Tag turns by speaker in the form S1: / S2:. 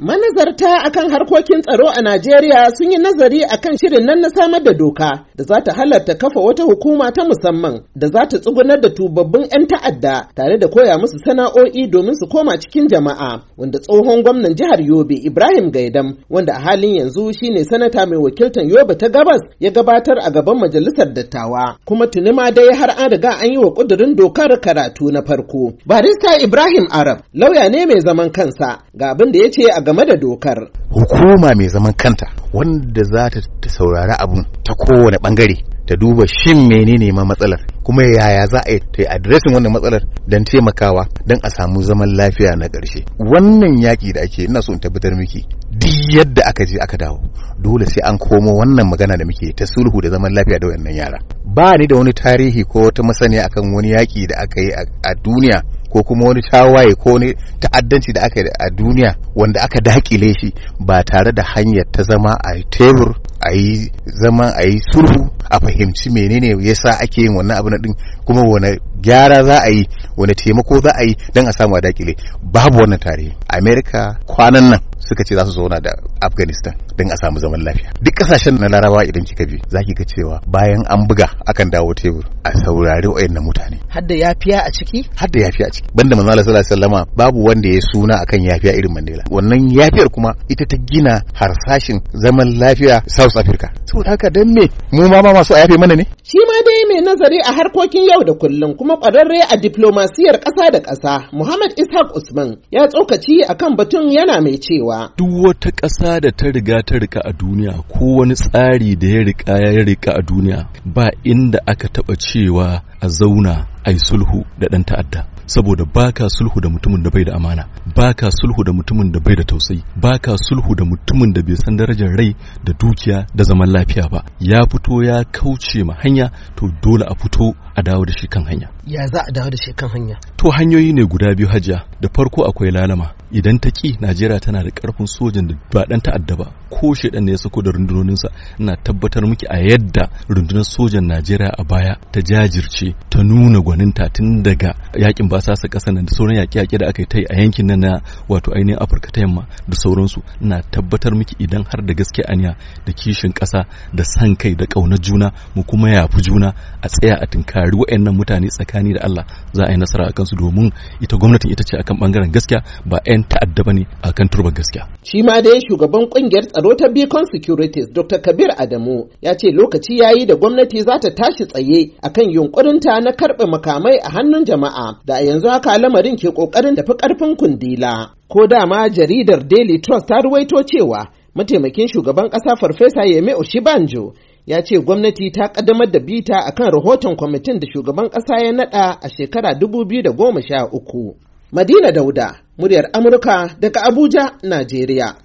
S1: Manazarta akan harkokin tsaro a Najeriya sun yi nazari akan shirin nan na samar da doka da za ta halarta kafa wata hukuma ta musamman da za ta tsugunar da tubabbin 'yan ta'adda tare da koya musu sana'o'i domin su koma cikin jama'a wanda tsohon gwamnan jihar Yobe Ibrahim Gaidam wanda a halin yanzu shine sanata mai wakiltar Yobe ta Gabas ya gabatar a gaban majalisar dattawa kuma tuni ma dai har an riga an yi wa kudurin dokar karatu na farko. Barista Ibrahim Arab lauya ne mai zaman kansa ga abin da ya ce a game da dokar
S2: hukuma mai zaman kanta wanda za ta saurari abun ta kowane bangare ta duba shin menene ma matsalar kuma yaya za a yi ta wannan matsalar don taimakawa don a samu zaman lafiya na ƙarshe wannan yaƙi da ake ina so in tabbatar miki duk yadda aka je aka dawo dole sai an komo wannan magana da muke ta sulhu da zaman lafiya da wannan yara ba ni da wani tarihi ko wata masaniya akan wani yaƙi da aka yi a duniya ko kuma wani tawaye ko wani ta'addanci da aka yi a duniya wanda aka dakile shi ba tare da hanyar ta zama a tebur a yi zama a yi sulhu a fahimci menene ya yasa ake yin wannan abu na din kuma wani gyara za a yi wani taimako za a yi don a samu a dakile babu wannan tarihi amerika kwanan nan suka ce za su zauna da afghanistan don a samu zaman lafiya duk kasashen na larabawa idan kika bi za ki ga cewa bayan an buga akan dawo tebur a saurari wayannan mutane
S1: hadda yafiya a ciki
S2: hadda yafiya a ciki banda manzo Allah sallallahu alaihi wasallama babu wanda ya suna akan yafiya irin Mandela wannan yafiyar kuma ita ta gina harsashin zaman lafiya South Africa saboda haka dan me mu ma ma masu a yafe mana ne
S1: shi ma dai mai nazari a harkokin yau da kullum kuma kwararre a diplomasiyar ƙasa da ƙasa Muhammad Ishaq Usman ya tsokaci akan batun yana mai cewa
S3: cewa duk wata ƙasa da ta riga ta rika a duniya ko wani tsari da ya rika ya rika a duniya ba inda aka taɓa cewa a zauna ai sulhu da ɗan ta'adda saboda baka sulhu da mutumin da bai da amana baka sulhu da mutumin da bai da tausayi baka sulhu da mutumin da bai san darajar rai da dukiya da zaman lafiya ba ya fito ya kauce ma hanya to dole a fito a dawo da shi kan hanya
S1: ya za a dawo da shi kan hanya
S3: to hanyoyi ne guda biyu hajiya da farko akwai lalama idan ta ki najeriya tana da ƙarfin sojin da ba dan ta'adda ba ko ɗan ne ya sako da rundunoninsa ina tabbatar miki a yadda rundunar sojan Najeriya a baya ta jajirce ta nuna gwaninta tun daga yakin basasa ƙasar nan da sauran yaƙe-yaƙe da aka yi a yankin nan na wato ainihin Afirka ta yamma da sauransu ina tabbatar miki idan har da gaske aniya da kishin ƙasa da san kai da ƙaunar juna mu kuma yafi juna a tsaya a tunkari wa'annan mutane tsakani da Allah za a yi nasara a kansu domin ita gwamnatin ita ce akan bangaren gaskiya ba 'yan ta'adda ba ne akan turban gaskiya
S1: shi ma dai shugaban kungiyar tsaro ta Beacon Securities Dr. Kabir Adamu ya ce lokaci ya yi da gwamnati za ta tashi tsaye a kan yunƙurinta na karɓe makamai a hannun jama'a da a yanzu haka lamarin ke ƙoƙarin tafi ƙarfin kundila. Ko dama jaridar Daily Trust ta ruwaito cewa mataimakin shugaban ƙasa Farfesa Yemi Oshibanjo ya ce gwamnati ta ƙaddamar da bita a kan rahoton kwamitin da shugaban ƙasa ya naɗa a shekara dubu biyu da goma sha uku. Madina Dauda, muryar Amurka daga Abuja, Najeriya.